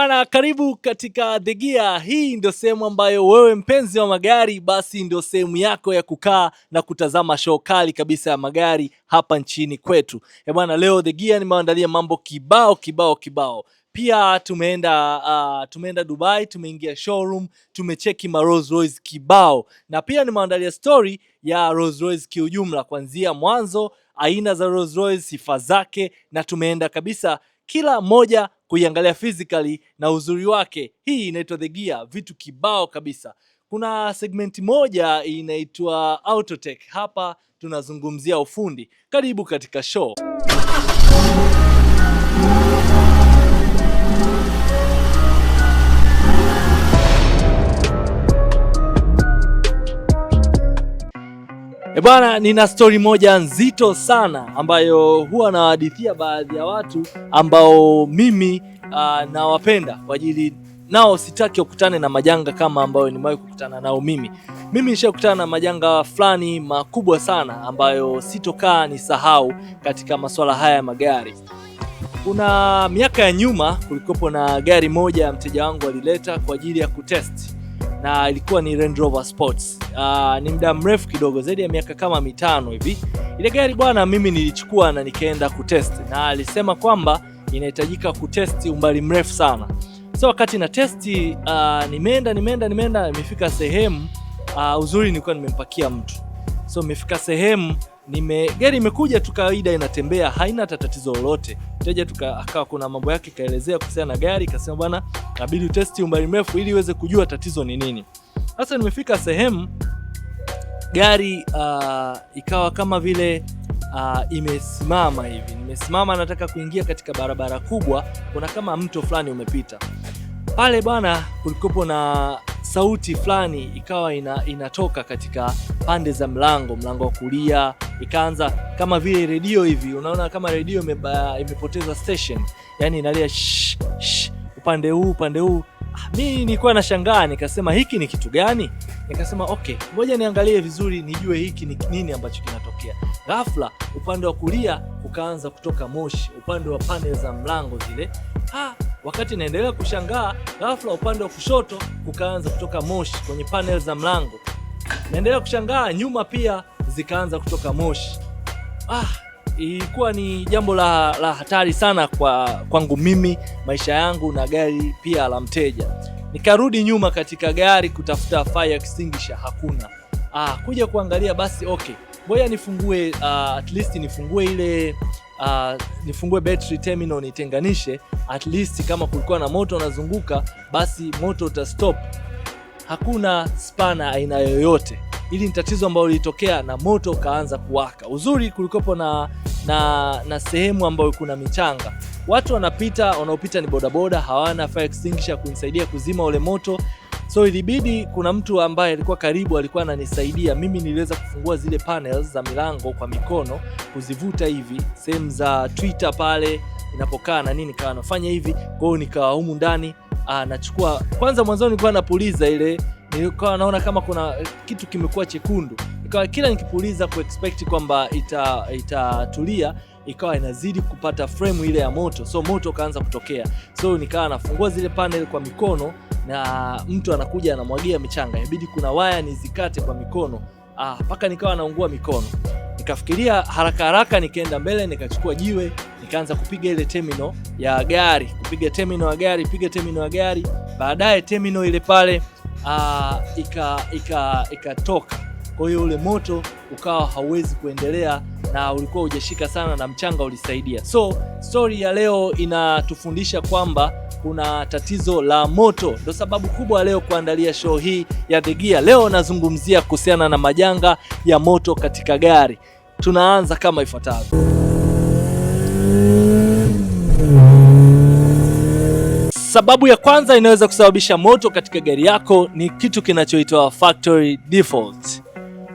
Bwana, karibu katika The Gear. Hii ndio sehemu ambayo wewe mpenzi wa magari, basi ndio sehemu yako ya kukaa na kutazama show kali kabisa ya magari hapa nchini kwetu. E bwana, leo The Gear nimeandalia mambo kibao kibao kibao pia tumeenda uh, tumeenda Dubai, tumeingia showroom, tumecheki ma Rolls Royce kibao, na pia nimeandalia story ya Rolls Royce kiujumla, kuanzia mwanzo, aina za Rolls Royce, sifa zake, na tumeenda kabisa kila moja kuiangalia physically na uzuri wake. Hii inaitwa The Gear, vitu kibao kabisa. Kuna segmenti moja inaitwa Autotech. Hapa tunazungumzia ufundi. Karibu katika show. E bwana, nina stori moja nzito sana ambayo huwa nawahadithia baadhi ya watu ambao mimi uh, nawapenda kwa ajili nao sitaki wakutane na majanga kama ambayo nimewahi kukutana nao mimi. Mimi nishakutana na majanga fulani makubwa sana ambayo sitokaa ni sahau katika masuala haya ya magari. Kuna miaka ya nyuma kulikuwepo na gari moja mteja wangu alileta kwa ajili ya kutesti na ilikuwa ni Range Rover Sports. Uh, ni muda mrefu kidogo, zaidi ya miaka kama mitano hivi. Ile gari bwana, mimi nilichukua na nikaenda kutest, na alisema kwamba inahitajika kutesti umbali mrefu sana. So wakati na testi uh, ah, nimeenda nimeenda nimeenda, imefika sehemu uh, uzuri nilikuwa nimempakia mtu, so imefika sehemu nime gari imekuja tu kawaida, inatembea haina hata tatizo lolote. Mteja tukakaa kuna mambo yake kaelezea kuhusiana na gari, kasema bwana, nabidi utesti umbali mrefu ili iweze kujua tatizo ni nini. Sasa nimefika sehemu gari uh, ikawa kama vile uh, imesimama hivi, nimesimama nataka kuingia katika barabara kubwa, kuna kama mto fulani umepita pale bwana, kulikopo na sauti fulani ikawa ina, inatoka katika pande za mlango mlango wa kulia, ikaanza kama vile redio hivi, unaona kama redio imepoteza station, yani inalia shh, shh, upande huu upande huu. Ah, mi nilikuwa nashangaa nikasema, hiki ni kitu gani? Nikasema okay, ngoja niangalie vizuri nijue hiki ni nini ambacho kinatokea. Ghafla upande wa kulia ukaanza kutoka moshi upande wa pande za mlango zile ha, ah, Wakati naendelea kushangaa, ghafla upande wa kushoto kukaanza kutoka moshi kwenye panel za mlango. Naendelea kushangaa, nyuma pia zikaanza kutoka moshi. Ah, ilikuwa ni jambo la, la hatari sana kwa kwangu mimi, maisha yangu na gari pia la mteja. Nikarudi nyuma katika gari kutafuta fire extinguisher, hakuna. Ah, kuja kuangalia basi, okay, ngoja nifungue, uh, at least nifungue ile uh, nifungue battery terminal nitenganishe, at least kama kulikuwa na moto unazunguka, basi moto utastop. Hakuna spana aina yoyote. Hili ni tatizo ambalo lilitokea na moto ukaanza kuwaka. Uzuri kulikopo na, na, na sehemu ambayo kuna michanga, watu wanapita, wanaopita ni bodaboda, hawana fire extinguisher kunisaidia kuzima ule moto, So ilibidi kuna mtu ambaye alikuwa karibu, alikuwa ananisaidia mimi. Niliweza kufungua zile panels za milango kwa mikono, kuzivuta hivi sehemu za Twitter pale inapokaa na nini, kawa nafanya hivi. Kwa hiyo nikawa humu ndani ah, nachukua kwanza, mwanzoni nilikuwa napuliza ile, nilikuwa naona kama kuna kitu kimekuwa chekundu, nikawa kila nikipuliza ku expect kwamba itatulia ita ikawa inazidi kupata fremu ile ya moto, so moto kaanza kutokea. So nikawa nafungua zile panel kwa mikono na mtu anakuja anamwagia michanga, inabidi kuna waya nizikate kwa mikono ah, mpaka ah, nikawa naungua mikono. Nikafikiria haraka haraka, nikaenda mbele, nikachukua jiwe, nikaanza kupiga ile terminal ya gari, kupiga terminal ya gari, piga terminal ya gari. Baadaye terminal ile pale ah, ikatoka ika, ika kwa hiyo ule moto ukawa hauwezi kuendelea na ulikuwa hujashika sana na mchanga ulisaidia. So stori ya leo inatufundisha kwamba kuna tatizo la moto, ndo sababu kubwa leo kuandalia show hii ya The Gear. Leo nazungumzia kuhusiana na majanga ya moto katika gari. Tunaanza kama ifuatavyo. Sababu ya kwanza inaweza kusababisha moto katika gari yako ni kitu kinachoitwa factory default.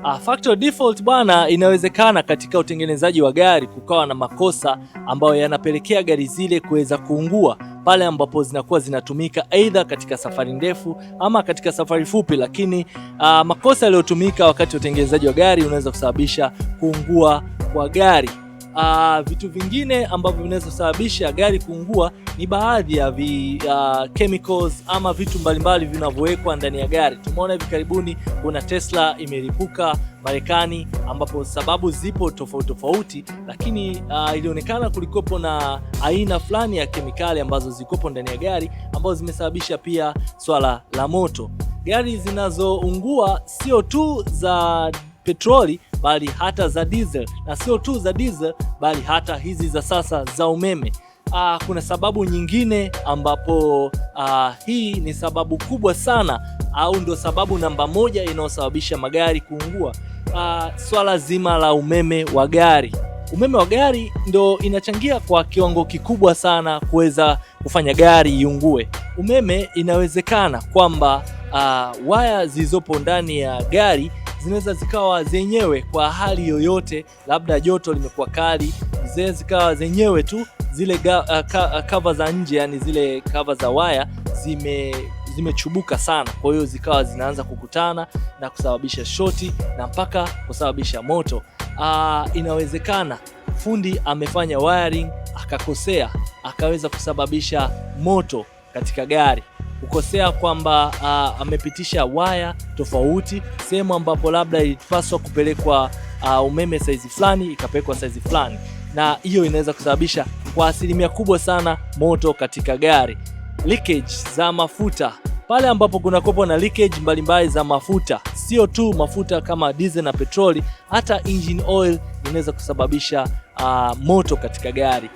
Uh, ah, factory default bwana, inawezekana katika utengenezaji wa gari kukawa na makosa ambayo yanapelekea gari zile kuweza kuungua pale ambapo zinakuwa zinatumika aidha katika safari ndefu ama katika safari fupi, lakini uh, makosa yaliyotumika wakati wa utengenezaji wa gari unaweza kusababisha kuungua kwa gari. Uh, vitu vingine ambavyo vinaweza kusababisha gari kuungua ni baadhi ya vi, uh, chemicals ama vitu mbalimbali vinavyowekwa ndani ya gari. Tumeona hivi karibuni kuna Tesla imelipuka Marekani, ambapo sababu zipo tofauti tofauti, lakini uh, ilionekana kulikopo na aina fulani ya kemikali ambazo zikopo ndani ya gari ambazo zimesababisha pia swala la moto. Gari zinazoungua sio tu za petroli bali hata za diesel, na sio tu za diesel, bali hata hizi za sasa za umeme. Aa, ah, kuna sababu nyingine ambapo aa, ah, hii ni sababu kubwa sana au ndio sababu namba moja inayosababisha magari kuungua. Aa, ah, swala zima la umeme wa gari. Umeme wa gari ndo inachangia kwa kiwango kikubwa sana kuweza kufanya gari iungue. Umeme inawezekana kwamba aa, waya zilizopo ndani ya gari zinaweza zikawa zenyewe kwa hali yoyote, labda joto limekuwa kali, zinaweza zikawa zenyewe tu zile uh, kava uh, za nje, yani zile kava za waya zime zimechubuka sana, kwa hiyo zikawa zinaanza kukutana na kusababisha shoti na mpaka kusababisha moto. Aa, uh, inawezekana fundi amefanya wiring akakosea akaweza kusababisha moto katika gari, kukosea kwamba uh, amepitisha waya tofauti sehemu ambapo labda ilipaswa kupelekwa uh, umeme saizi fulani ikapelekwa saizi fulani, na hiyo inaweza kusababisha kwa asilimia kubwa sana moto katika gari. Leakage za mafuta pale ambapo kuna kopo na leakage mbalimbali za mafuta, sio tu mafuta kama diesel na petroli, hata engine oil inaweza kusababisha uh, moto katika gari.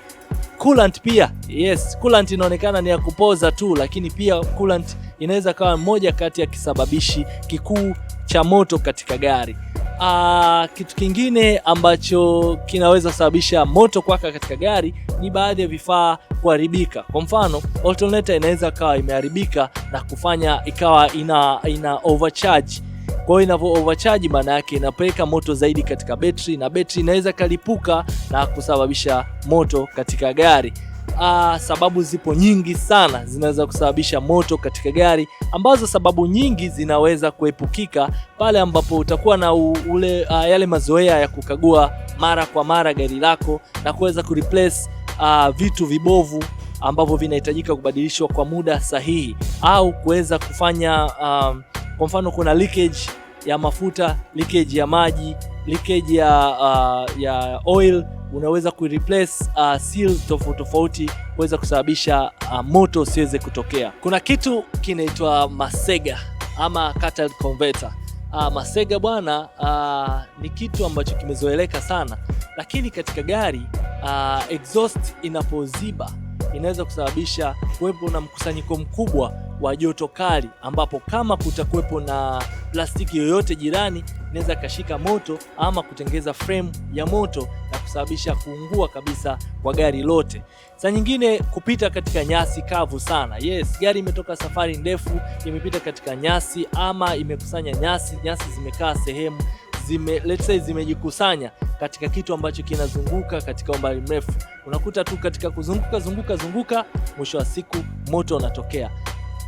Coolant pia yes, coolant inaonekana ni ya kupoza tu, lakini pia coolant inaweza kawa moja kati ya kisababishi kikuu cha moto katika gari. Aa, ah, kitu kingine ambacho kinaweza sababisha moto kwaka katika gari ni baadhi ya vifaa kuharibika. Kwa mfano, alternator inaweza kawa imeharibika na kufanya ikawa ina, ina overcharge kwa hiyo inavyo overcharge, maana yake inapeleka moto zaidi katika betri na betri inaweza kalipuka na kusababisha moto katika gari. Aa, ah, sababu zipo nyingi sana zinaweza kusababisha moto katika gari ambazo sababu nyingi zinaweza kuepukika pale ambapo utakuwa na u, ule uh, yale mazoea ya kukagua mara kwa mara gari lako na kuweza kureplace uh, vitu vibovu ambavyo vinahitajika kubadilishwa kwa muda sahihi au kuweza kufanya um, kwa mfano kuna leakage ya mafuta, leakage ya maji, leakage ya, uh, ya oil unaweza kureplace uh, seal tofauti tofauti kuweza kusababisha uh, moto usiweze kutokea. Kuna kitu kinaitwa masega ama catalytic converter. Uh, masega bwana, uh, ni kitu ambacho kimezoeleka sana, lakini katika gari uh, exhaust inapoziba inaweza kusababisha kuwepo na mkusanyiko mkubwa wa joto kali, ambapo kama kutakuwepo na plastiki yoyote jirani inaweza ikashika moto ama kutengeza frame ya moto na kusababisha kuungua kabisa kwa gari lote. Saa nyingine kupita katika nyasi kavu sana. Yes, gari imetoka safari ndefu, imepita katika nyasi ama imekusanya nyasi, nyasi zimekaa sehemu zime, let's say zimejikusanya katika kitu ambacho kinazunguka katika umbali mrefu. Unakuta tu katika kuzunguka zunguka zunguka, mwisho wa siku moto unatokea.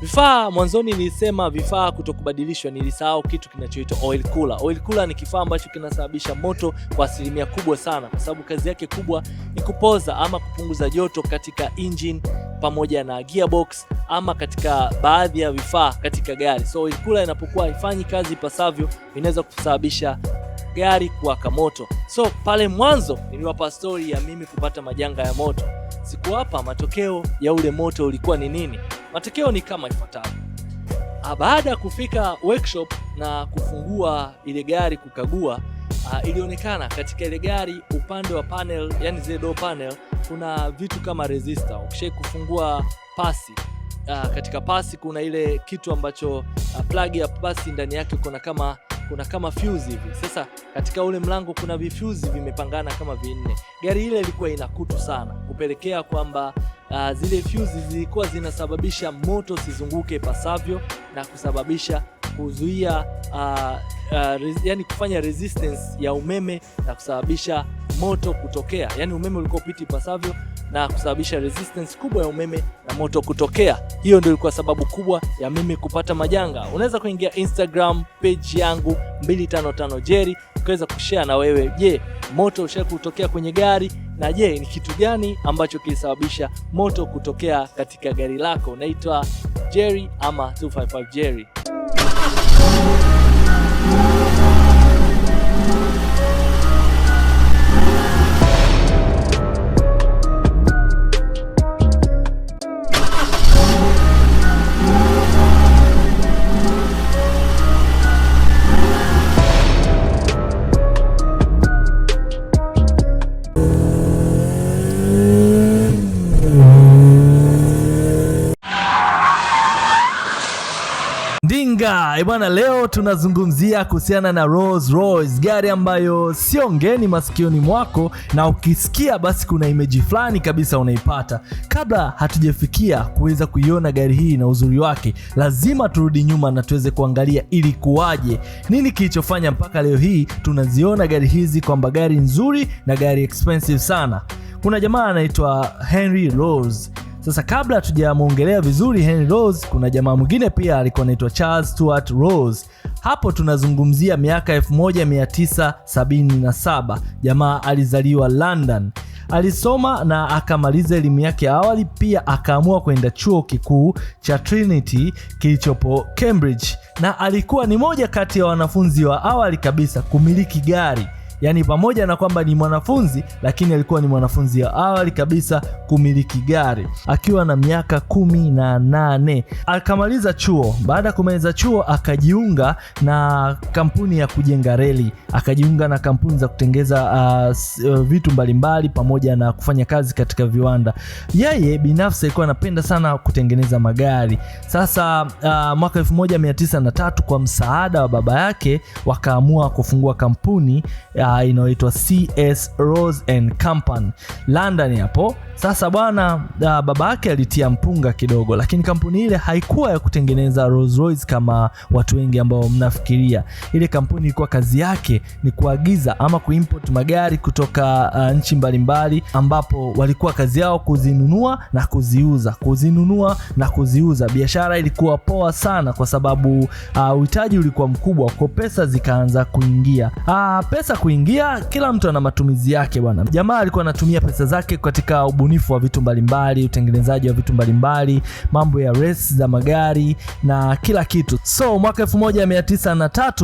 Vifaa mwanzoni nilisema vifaa kutokubadilishwa, nilisahau kitu kinachoitwa oil cooler. Oil cooler ni kifaa ambacho kinasababisha moto kwa asilimia kubwa sana, kwa sababu kazi yake kubwa ni kupoza ama kupunguza joto katika engine pamoja na gearbox ama katika baadhi ya vifaa katika gari. So oil cooler inapokuwa haifanyi kazi ipasavyo, inaweza kusababisha gari kuwaka moto. So pale mwanzo niliwapa stori ya mimi kupata majanga ya moto, sikuwapa matokeo ya ule moto ulikuwa ni nini. Matokeo ni kama ifuatavyo. Ah, baada ya kufika workshop na kufungua ile gari kukagua, ah, ilionekana katika ile gari upande wa panel, yani zile door panel, kuna vitu kama resistor. Ukishai kufungua pasi uh, katika pasi kuna ile kitu ambacho uh, plug ya pasi ndani yake kuna kama kuna kama fuse hivi. Sasa katika ule mlango kuna vifyuzi vimepangana kama vinne. Gari ile ilikuwa ina kutu sana, kupelekea kwamba uh, zile fuse zilikuwa zinasababisha moto sizunguke pasavyo na kusababisha kuzuia uh, uh, yani kufanya resistance ya umeme na kusababisha moto kutokea, yani umeme ulikuwa upiti pasavyo na kusababisha resistance kubwa ya umeme na moto kutokea. Hiyo ndio ilikuwa sababu kubwa ya mimi kupata majanga. Unaweza kuingia Instagram page yangu 255 Jerry ukaweza kushare na wewe, je, moto usha kutokea kwenye gari na je, ni kitu gani ambacho kilisababisha moto kutokea katika gari lako? Naitwa Jerry ama 255 Jerry. Ndinga ebwana, eh, leo tunazungumzia kuhusiana na Rolls Royce, gari ambayo sio ngeni masikioni mwako, na ukisikia basi kuna imeji fulani kabisa unaipata. Kabla hatujafikia kuweza kuiona gari hii na uzuri wake, lazima turudi nyuma na tuweze kuangalia ilikuwaje, nini kilichofanya mpaka leo hii tunaziona gari hizi kwamba gari nzuri na gari expensive sana. Kuna jamaa anaitwa Henry Rolls sasa kabla hatujamwongelea vizuri Henry Rose, kuna jamaa mwingine pia alikuwa anaitwa Charles Stuart Rose. Hapo tunazungumzia miaka 1977. Jamaa alizaliwa London. Alisoma na akamaliza elimu yake ya awali, pia akaamua kwenda chuo kikuu cha Trinity kilichopo Cambridge, na alikuwa ni moja kati ya wanafunzi wa awali kabisa kumiliki gari yani pamoja na kwamba ni mwanafunzi lakini alikuwa ni mwanafunzi wa awali kabisa kumiliki gari akiwa na miaka kumi na nane. Akamaliza chuo. Baada ya kumaliza chuo, akajiunga na kampuni ya kujenga reli, akajiunga na kampuni za kutengeza uh, uh vitu mbalimbali pamoja na kufanya kazi katika viwanda. Yeye binafsi alikuwa anapenda sana kutengeneza magari. Sasa uh, mwaka 1903 kwa msaada wa baba yake wakaamua kufungua kampuni ya uh, uh, inayoitwa CS Rose and campan London hapo. Sasa bwana uh, baba yake alitia mpunga kidogo, lakini kampuni ile haikuwa ya kutengeneza rose Royce kama watu wengi ambao mnafikiria. Ile kampuni ilikuwa kazi yake ni kuagiza ama kuimport magari kutoka uh, nchi mbalimbali, ambapo walikuwa kazi yao kuzinunua na kuziuza, kuzinunua na kuziuza. Biashara ilikuwa poa sana kwa sababu uhitaji ulikuwa mkubwa, kwa pesa zikaanza kuingia uh, pesa kuingia ukiingia, kila mtu ana matumizi yake bwana. Jamaa alikuwa anatumia pesa zake katika ubunifu wa vitu mbalimbali, utengenezaji wa vitu mbalimbali, mambo ya race za magari na kila kitu. So mwaka 1903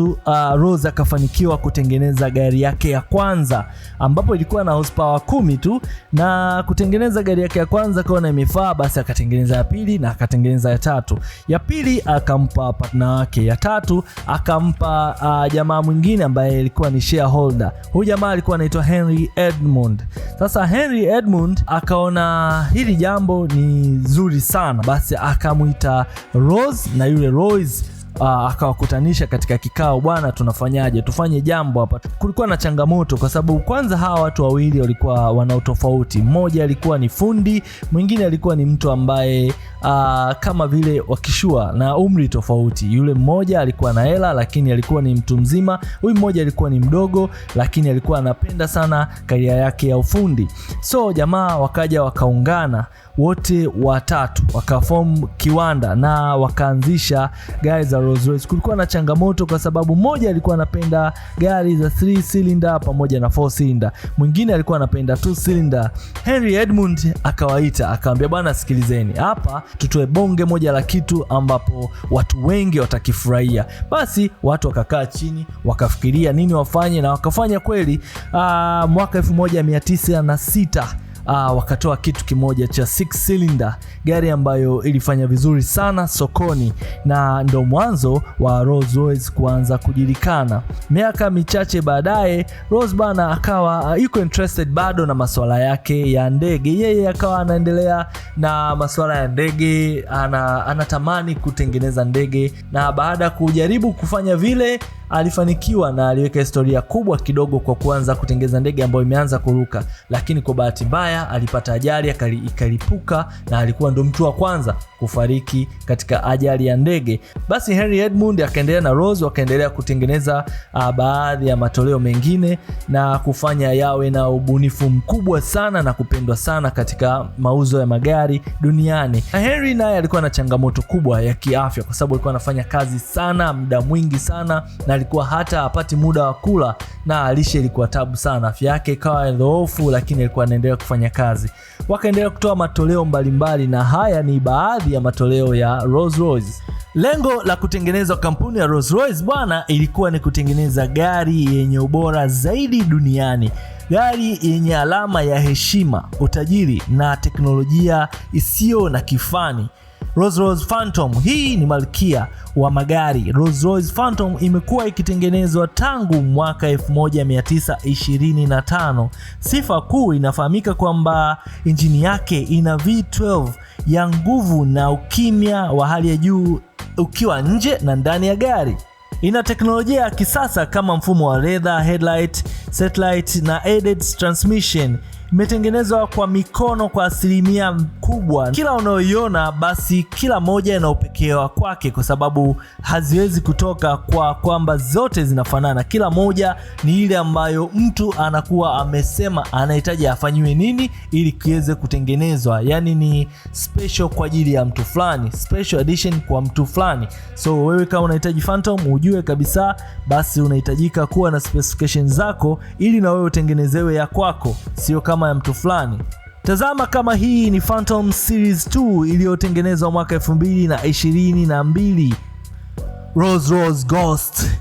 uh, Rose akafanikiwa kutengeneza gari yake ya kwanza ambapo ilikuwa na horsepower kumi tu, na kutengeneza gari yake ya kwanza kaona imefaa, basi akatengeneza ya pili na akatengeneza ya tatu. Ya pili akampa partner wake, ya tatu akampa uh, jamaa mwingine ambaye ilikuwa ni shareholder kwanza. Huyu jamaa alikuwa anaitwa Henry Edmund. Sasa Henry Edmund akaona hili jambo ni zuri sana, basi akamwita Rose na yule Rose uh, akawakutanisha katika kikao, bwana, tunafanyaje? Tufanye jambo hapa. Kulikuwa na changamoto kwa sababu kwanza hawa watu wawili walikuwa wana utofauti. Mmoja alikuwa ni fundi, mwingine alikuwa ni mtu ambaye uh, kama vile wakishua na umri tofauti. Yule mmoja alikuwa na hela lakini alikuwa ni mtu mzima, huyu mmoja alikuwa ni mdogo lakini alikuwa anapenda sana karia yake ya ufundi. So jamaa wakaja wakaungana wote watatu wakafomu kiwanda na wakaanzisha gari za Rolls Royce. Kulikuwa na changamoto kwa sababu mmoja alikuwa anapenda gari za 3 cylinder pamoja na 4 cylinder, mwingine alikuwa anapenda 2 cylinder. Henry Edmund akawaita akamwambia, bwana, sikilizeni hapa, tutoe bonge moja la kitu ambapo watu wengi watakifurahia. Basi watu wakakaa chini wakafikiria nini wafanye, na wakafanya kweli. Aa, ah, mwaka 1906 uh, wakatoa kitu kimoja cha six cylinder, gari ambayo ilifanya vizuri sana sokoni na ndo mwanzo wa Rolls-Royce kuanza kujulikana. Miaka michache baadaye Rolls bana akawa uh, yuko interested bado na masuala yake ya ndege, yeye akawa anaendelea na masuala ya ndege, ana, anatamani kutengeneza ndege na baada ya kujaribu kufanya vile Alifanikiwa na aliweka historia kubwa kidogo kwa kuanza kutengeza ndege ambayo imeanza kuruka, lakini kwa bahati mbaya alipata ajali ikalipuka, na alikuwa ndo mtu wa kwanza kufariki katika ajali ya ndege. Basi Henry Edmund akaendelea na Rose wakaendelea kutengeneza ah, baadhi ya matoleo mengine na kufanya yawe na ubunifu mkubwa sana na kupendwa sana katika mauzo ya magari duniani. Na Henry naye alikuwa na changamoto kubwa ya kiafya, kwa sababu alikuwa anafanya kazi sana muda mwingi sana na alikuwa hata apati muda wa kula na lishe ilikuwa tabu sana, afya yake ikawa dhoofu, lakini alikuwa anaendelea kufanya kazi. Wakaendelea kutoa matoleo mbalimbali, na haya ni baadhi ya matoleo ya Rolls Royce. Lengo la kutengenezwa kampuni ya Rolls Royce bwana, ilikuwa ni kutengeneza gari yenye ubora zaidi duniani, gari yenye alama ya heshima, utajiri na teknolojia isiyo na kifani. Rolls Royce Phantom. Hii ni malkia wa magari. Rolls Royce Phantom imekuwa ikitengenezwa tangu mwaka 1925. Sifa kuu inafahamika kwamba injini yake ina V12 ya nguvu na ukimya wa hali ya juu ukiwa nje na ndani ya gari. Ina teknolojia ya kisasa kama mfumo wa leather headlight, satellite na aided transmission imetengenezwa kwa mikono kwa asilimia kubwa. Kila unayoiona basi, kila moja ina upekee kwake, kwa sababu haziwezi kutoka kwa kwamba zote zinafanana. Kila moja ni ile ambayo mtu anakuwa amesema anahitaji afanyiwe nini ili kiweze kutengenezwa, yani ni special kwa ajili ya mtu fulani, special edition kwa mtu fulani. So wewe kama unahitaji Phantom ujue kabisa basi unahitajika kuwa na specification zako, ili na wewe utengenezewe ya kwako, sio kama alama ya mtu fulani. Tazama kama hii ni Phantom Series 2 iliyotengenezwa mwaka 2022. Rose Rose Ghost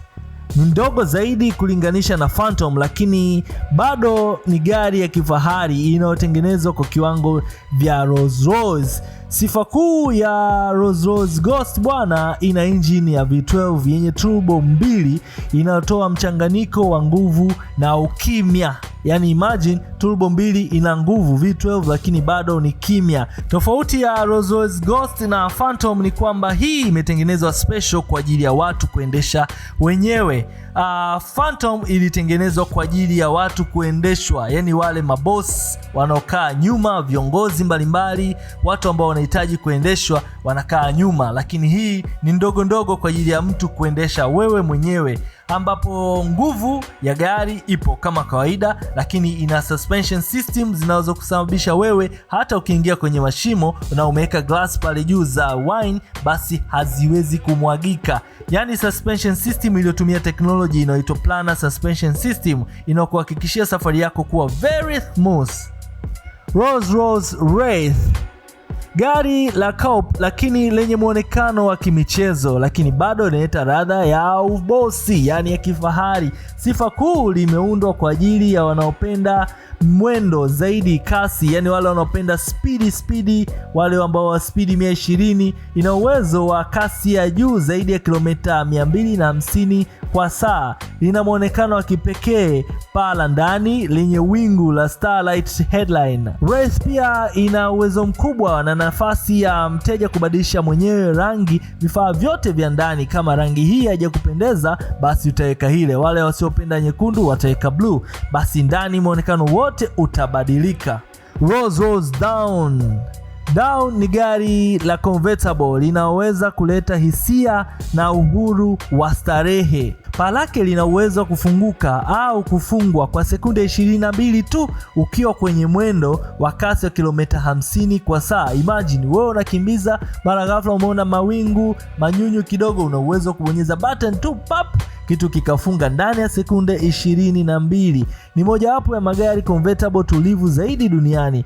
ni ndogo zaidi kulinganisha na Phantom, lakini bado ni gari ya kifahari inayotengenezwa kwa kiwango vya Rolls Royce Sifa kuu ya Rolls Royce Ghost bwana, ina injini ya V12 yenye turbo mbili inayotoa mchanganyiko wa nguvu na ukimya. Yani, imagine turbo mbili ina nguvu V12, lakini bado ni kimya. Tofauti ya Rolls Royce Ghost na Phantom ni kwamba hii imetengenezwa special kwa ajili ya watu kuendesha wenyewe uh, Phantom ilitengenezwa kwa ajili ya watu kuendeshwa, yani wale mabosi wanaokaa nyuma, viongozi mbalimbali mbali, watu ambao wanahitaji kuendeshwa wanakaa nyuma, lakini hii ni ndogo ndogo kwa ajili ya mtu kuendesha wewe mwenyewe ambapo nguvu ya gari ipo kama kawaida, lakini ina suspension system zinazo kusababisha wewe hata ukiingia kwenye mashimo na umeweka glass pale juu za wine, basi haziwezi kumwagika. Yani suspension system iliyotumia teknoloji inayoitwa planar suspension system inayokuhakikishia safari yako kuwa very smooth. Rolls-Royce Wraith gari la cop lakini lenye muonekano wa kimichezo, lakini bado linaleta ladha ya ubosi, yani ya kifahari. Sifa kuu, limeundwa kwa ajili ya wanaopenda mwendo zaidi, kasi, yani wale wanaopenda spidi spidi, wale ambao wa spidi 120 ina uwezo wa kasi ya juu zaidi ya kilomita 250 kwa saa. Lina mwonekano wa kipekee, paa la ndani lenye wingu la starlight headline. Wraith pia ina uwezo mkubwa na nafasi ya mteja kubadilisha mwenyewe rangi vifaa vyote vya ndani. Kama rangi hii haijakupendeza, basi utaweka ile. Wale wasiopenda nyekundu wataweka bluu. Basi ndani mwonekano wote wote utabadilika. Rolls Royce Dawn. Dawn ni gari la convertible linaweza kuleta hisia na uhuru wa starehe paa lake lina uwezo wa kufunguka au kufungwa kwa sekunde 22 tu ukiwa kwenye mwendo wa kasi wa kilomita 50 kwa saa. Imagine wewe unakimbiza, mara ghafla umeona mawingu manyunyu kidogo, una uwezo wa kubonyeza button tu pap kitu kikafunga ndani ya sekunde 22. na mbili. Ni mojawapo ya magari convertible tulivu zaidi duniani.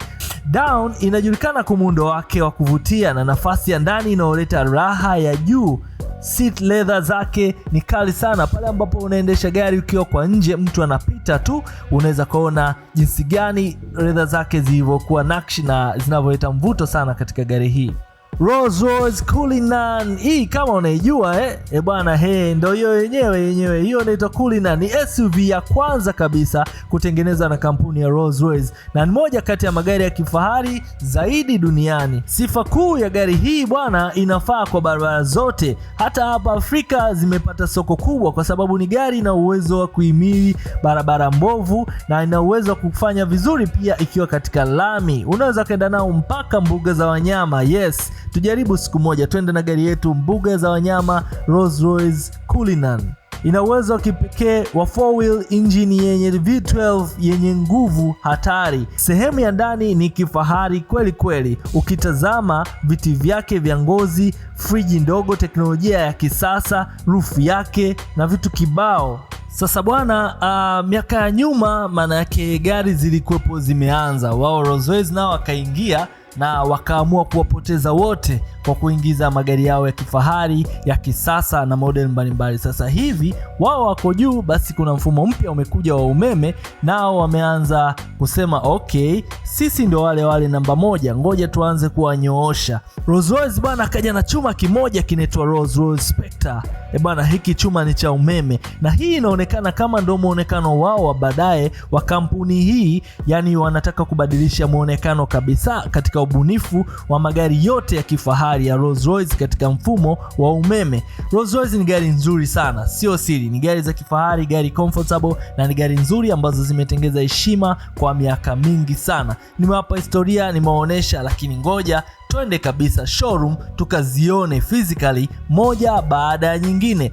Dawn inajulikana kwa muundo wake wa kuvutia na nafasi ya ndani inayoleta raha ya juu seat leather zake ni kali sana. Pale ambapo unaendesha gari ukiwa kwa nje, mtu anapita tu, unaweza kuona jinsi gani leather zake zilivyokuwa nakshi na zinavyoleta mvuto sana katika gari hii. Rolls Royce Cullinan. Hii kama unaijua eh? E bwana, he ndio hiyo yenyewe yenyewe, hiyo inaitwa Cullinan. Ni SUV ya kwanza kabisa kutengenezwa na kampuni ya Rolls Royce na ni moja kati ya magari ya kifahari zaidi duniani. Sifa kuu ya gari hii bwana, inafaa kwa barabara zote, hata hapa Afrika zimepata soko kubwa, kwa sababu ni gari ina uwezo wa kuhimili barabara mbovu na ina uwezo wa kufanya vizuri pia ikiwa katika lami. Unaweza kaenda nao mpaka mbuga za wanyama. Yes, Tujaribu siku moja, twende na gari yetu mbuga za wanyama Rolls Royce Cullinan. Ina uwezo wa kipekee wa four wheel engine yenye V12 yenye nguvu hatari. Sehemu ya ndani ni kifahari kweli kweli, ukitazama viti vyake vya ngozi, friji ndogo, teknolojia ya kisasa, rufu yake na vitu kibao. Sasa bwana, uh, miaka ya nyuma, maana yake gari zilikuwepo zimeanza, wao Rolls Royce nao wakaingia na wakaamua kuwapoteza wote kwa kuingiza magari yao ya kifahari ya kisasa na model mbalimbali. Sasa hivi wao wako juu, basi kuna mfumo mpya umekuja wa umeme, nao wameanza kusema okay, sisi ndio wale wale namba moja, ngoja tuanze kuwanyoosha. Rolls-Royce bwana akaja na chuma kimoja kinaitwa Rolls-Royce Spectre. E bwana, hiki chuma ni cha umeme na hii inaonekana kama ndo mwonekano wao wa baadaye wa kampuni hii, yani wanataka kubadilisha mwonekano kabisa katika ubunifu wa magari yote ya kifahari ya Rolls-Royce katika mfumo wa umeme. Rolls-Royce ni gari nzuri sana, sio siri, ni gari za kifahari, gari comfortable na ni gari nzuri ambazo zimetengeza heshima kwa miaka mingi sana. Nimewapa historia, nimewaonyesha, lakini ngoja twende kabisa showroom tukazione physically moja baada ya nyingine.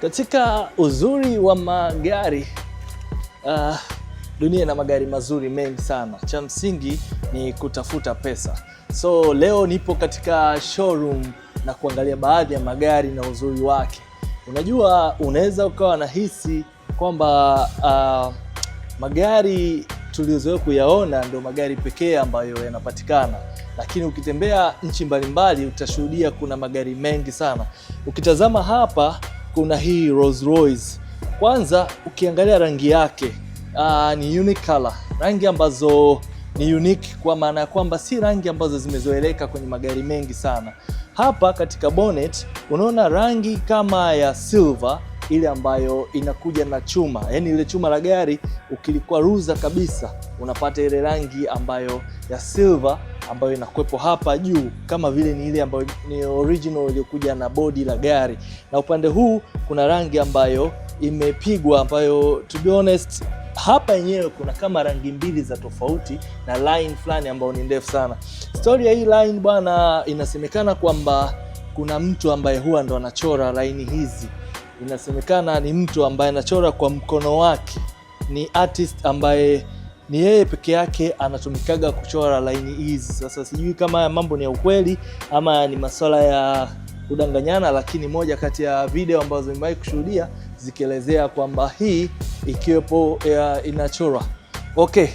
Katika uzuri wa magari uh, Dunia ina magari mazuri mengi sana, cha msingi ni kutafuta pesa. So leo nipo katika showroom na kuangalia baadhi ya magari na uzuri wake. Unajua, unaweza ukawa nahisi kwamba uh, magari tuliozoea kuyaona ndio magari pekee ambayo yanapatikana, lakini ukitembea nchi mbalimbali utashuhudia kuna magari mengi sana. Ukitazama hapa, kuna hii Rolls Royce. Kwanza ukiangalia rangi yake uh, ni unique color, rangi ambazo ni unique kwa maana ya kwamba si rangi ambazo zimezoeleka kwenye magari mengi sana. Hapa katika bonnet unaona rangi kama ya silver ile ambayo inakuja na chuma, yaani ile chuma la gari ukilikwaruza kabisa unapata ile rangi ambayo ya silver ambayo inakwepo hapa juu, kama vile ni ile ambayo ni original iliyokuja na bodi la gari, na upande huu kuna rangi ambayo imepigwa ambayo to be honest hapa yenyewe kuna kama rangi mbili za tofauti na line fulani ambayo ni ndefu sana. Stori ya hii line bwana, inasemekana kwamba kuna mtu ambaye huwa ndo anachora line hizi. Inasemekana ni mtu ambaye anachora kwa mkono wake, ni artist ambaye ni yeye peke yake anatumikaga kuchora line hizi. Sasa sijui kama haya mambo ni ya ukweli ama ni masuala ya kudanganyana, lakini moja kati ya video ambazo nimewahi kushuhudia zikielezea kwamba hii ikiwepo uh, inachora okay.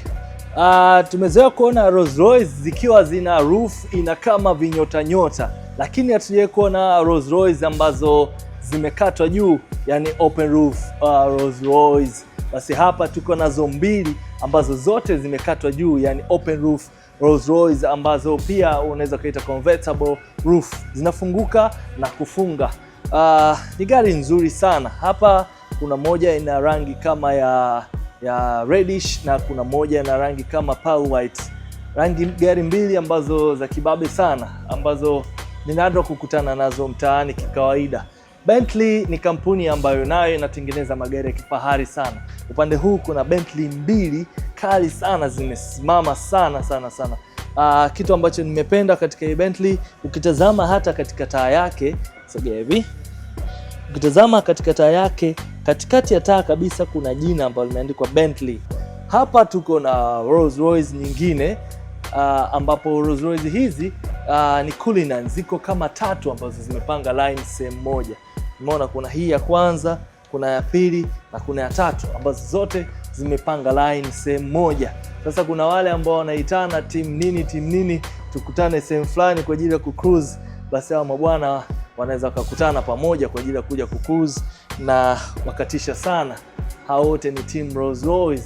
Uh, tumezoea kuona Rolls Royce zikiwa zina roof ina kama vinyota nyota, lakini hatujawahi kuona Rolls Royce ambazo zimekatwa juu, yani open roof uh, Rolls Royce. Basi hapa tuko nazo mbili ambazo zote zimekatwa juu, yani open roof Rolls Royce ambazo pia unaweza ukaita convertible roof, zinafunguka na kufunga Uh, ni gari nzuri sana. Hapa kuna moja ina rangi kama ya ya reddish na kuna moja ina rangi kama pearl white. Rangi gari mbili ambazo za kibabe sana ambazo ni nadra kukutana nazo mtaani kikawaida. Bentley ni kampuni ambayo nayo inatengeneza magari ya kifahari sana. Upande huu kuna Bentley mbili kali sana zimesimama sana sana sana. Uh, kitu ambacho nimependa katika hii Bentley ukitazama hata katika taa yake Sogea hivi. Ukitazama katika taa yake, katikati ya taa kabisa kuna jina ambalo limeandikwa Bentley. Hapa tuko na Rolls Royce nyingine uh, ambapo Rolls Royce hizi uh, ni Cullinan ziko kama tatu ambazo zimepanga line sehemu moja. Umeona kuna hii ya kwanza, kuna ya pili na kuna ya tatu ambazo zote zimepanga line sehemu moja. Sasa kuna wale ambao wanaitana timu nini timu nini, tukutane sehemu fulani kwa ajili ya kucruise, basi hao mabwana wanaweza wakakutana pamoja kwa ajili ya kuja kucruise na wakatisha sana. Hao wote ni team Rolls Royce.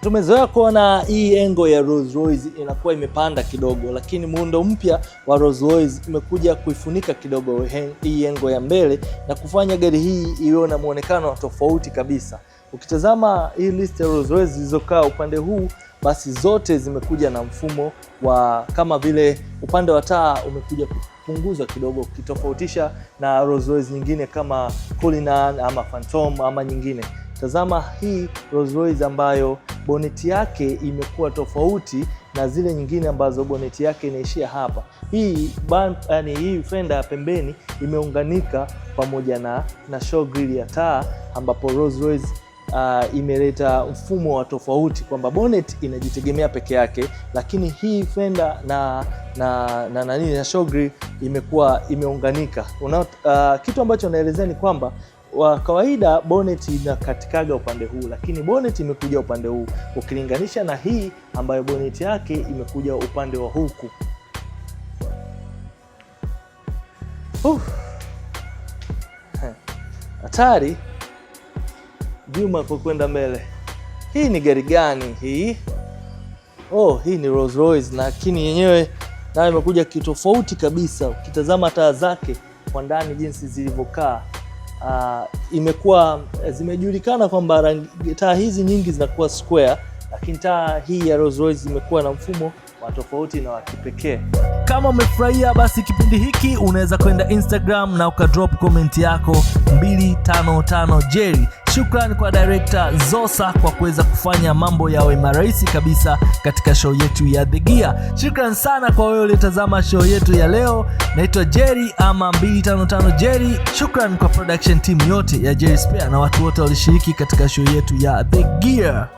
Tumezoea kuona hii engo ya Rolls Royce inakuwa imepanda kidogo, lakini muundo mpya wa Rolls Royce kuifunika kidogo hii engo ya mbele na kufanya gari hii iwe na mwonekano tofauti kabisa. Ukitazama hii list ya Rolls Royce zilizokaa upande huu basi zote zimekuja na mfumo wa kama vile upande wa taa umekuja kupunguzwa kidogo, ukitofautisha na Rolls Royce nyingine kama Cullinan ama Phantom ama nyingine. Tazama hii Rolls Royce ambayo boneti yake imekuwa tofauti na zile nyingine ambazo boneti yake inaishia hapa. Hii bump, yani hii fenda ya pembeni imeunganika pamoja na, na show grill ya taa ambapo Rolls Royce uh, imeleta mfumo wa tofauti kwamba bonnet inajitegemea peke yake, lakini hii fenda na na na nani na shogri imekuwa imeunganika. Una, uh, kitu ambacho naelezea ni kwamba wa kawaida bonnet inakatikaga upande huu, lakini bonnet imekuja upande huu ukilinganisha na hii ambayo bonnet yake imekuja upande wa huku. Hatari uh. Juma kwa kwenda mbele. Hii ni gari gani hii? Oh, hii ni Rolls Royce, lakini yenyewe nayo imekuja kitofauti kabisa. Ukitazama taa zake kwa ndani jinsi zilivyokaa, uh, imekuwa eh, zimejulikana kwamba taa hizi nyingi zinakuwa square, lakini taa hii ya Rolls Royce imekuwa na mfumo wa tofauti na wa kipekee. Kama umefurahia basi kipindi hiki, unaweza kwenda Instagram na ukadrop komenti yako 255 Jerry. Shukran kwa director Zosa kwa kuweza kufanya mambo yawe marahisi kabisa katika show yetu ya The Gear. Shukran sana kwa wewe uliotazama show yetu ya leo. Naitwa Jerry ama 255 Jerry. Shukran kwa production team yote ya Jerry Spear na watu wote walishiriki katika show yetu ya The Gear.